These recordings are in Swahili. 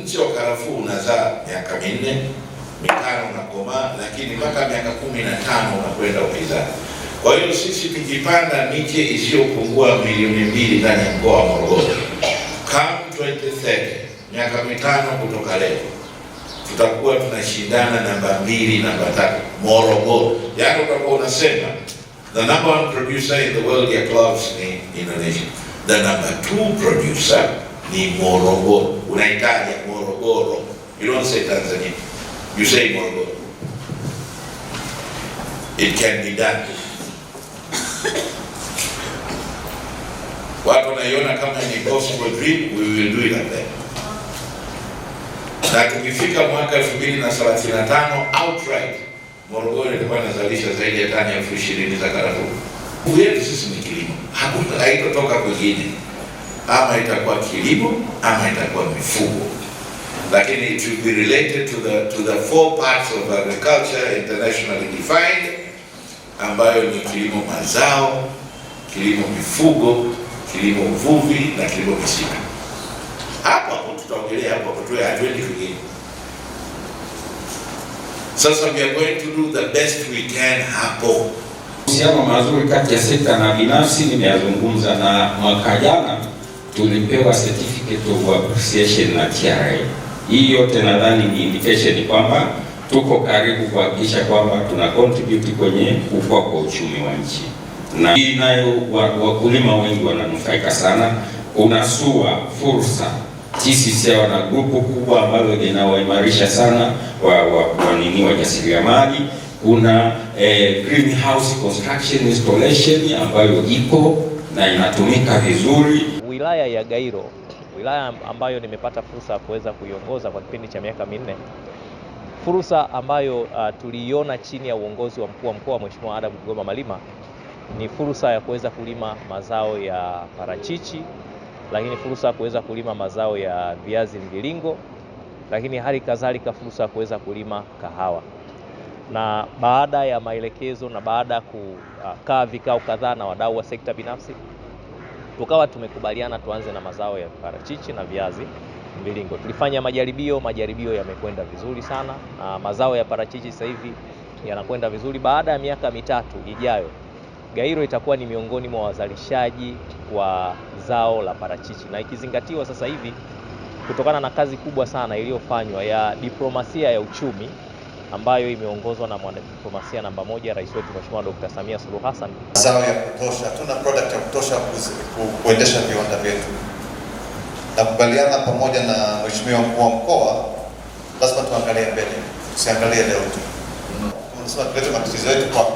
Mti wa karafuu unazaa miaka minne mitano unakomaa, lakini mpaka miaka kumi na tano unakwenda unaizaa. Kwa hiyo sisi tukipanda miche isiyopungua milioni mbili ndani ya mkoa wa Morogoro come 2030, miaka mitano kutoka leo tutakuwa tunashindana namba mbili, namba tatu Morogoro. Yaani utakuwa unasema the number one producer in the world ya cloves ni Indonesia, the number two producer ni Morogoro unaitaja Morogoro, you don't say Tanzania, you say Morogoro. It can be done. Watu wanaiona kama ni possible dream, we will do it like that. Na tukifika mwaka 2035 outright Morogoro itakuwa inazalisha zaidi ya tani elfu ishirini za karafuu. Yetu sisi ni kilimo, haitotoka kwingine ama itakuwa kilimo ama itakuwa mifugo, lakini it will be related to the, to the four parts of agriculture internationally defined ambayo ni kilimo mazao, kilimo mifugo, kilimo uvuvi na kilimo misitu. Hapo hapo tutaongelea hapo hapo tuwe hatuendi kwingine. Sasa we are going to do the best we can hapo. Uhusiano mazuri kati ya sekta na binafsi nimeyazungumza, na mwaka jana tulipewa certificate of appreciation na TRA. Hii yote nadhani ni indication kwamba tuko karibu kuhakikisha kwamba tuna contribute kwenye kukua kwa uchumi wa nchi, na hii nayo wakulima wengi wananufaika sana. SUA fursa TCCIA wana grupu kubwa ambalo linawaimarisha sana wa wanini wajasiriamali kuna eh, greenhouse construction installation ambayo iko na inatumika vizuri wilaya ya Gairo, wilaya ambayo nimepata fursa ya kuweza kuiongoza kwa kipindi cha miaka minne, fursa ambayo uh, tuliiona chini ya uongozi wa mkuu wa mkoa Mheshimiwa Adam Kigoma Malima ni fursa ya kuweza kulima mazao ya parachichi, lakini fursa ya kuweza kulima mazao ya viazi mviringo, lakini hali kadhalika fursa ya kuweza kulima kahawa. Na baada ya maelekezo na baada ya kukaa uh, vikao kadhaa na wadau wa sekta binafsi tukawa tumekubaliana tuanze na mazao ya parachichi na viazi mviringo. Tulifanya majaribio, majaribio yamekwenda vizuri sana na mazao ya parachichi sasa hivi yanakwenda vizuri. Baada ya miaka mitatu ijayo, Gairo itakuwa ni miongoni mwa wazalishaji wa zao la parachichi, na ikizingatiwa sasa hivi kutokana na kazi kubwa sana iliyofanywa ya diplomasia ya uchumi ambayo imeongozwa na mwanadiplomasia namba moja, rais wetu Mheshimiwa Dr. Samia Suluhu Hassan. Mazao ya kutosha, tuna product ya kutosha kuendesha viwanda vyetu. Nakubaliana pamoja na Mheshimiwa mkuu wa mkoa, lazima tuangalie mbele, tusiangalie leo tu. Tunasema tulete matatizo yetu kwa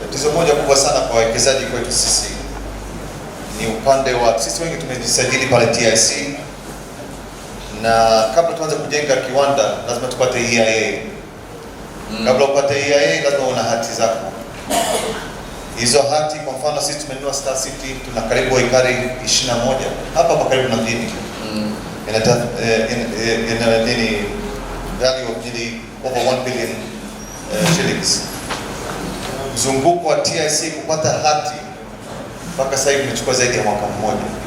tatizo moja kubwa sana kwa wawekezaji kwetu sisi ni upande wa sisi wengi tumejisajili pale TIC na kabla tuanze kujenga kiwanda lazima tupate EIA. Mm. Kabla upate EIA lazima una hati zako hizo hati. Kwa mfano sisi tumenunua Star City, tuna karibu ekari 21 hapa hapa karibu na mjini mm. inata ina eh, eh, value of nearly over 1 billion uh, shillings. Mzunguko wa TIC kupata hati mpaka sasa hivi imechukua zaidi ya mwaka mmoja.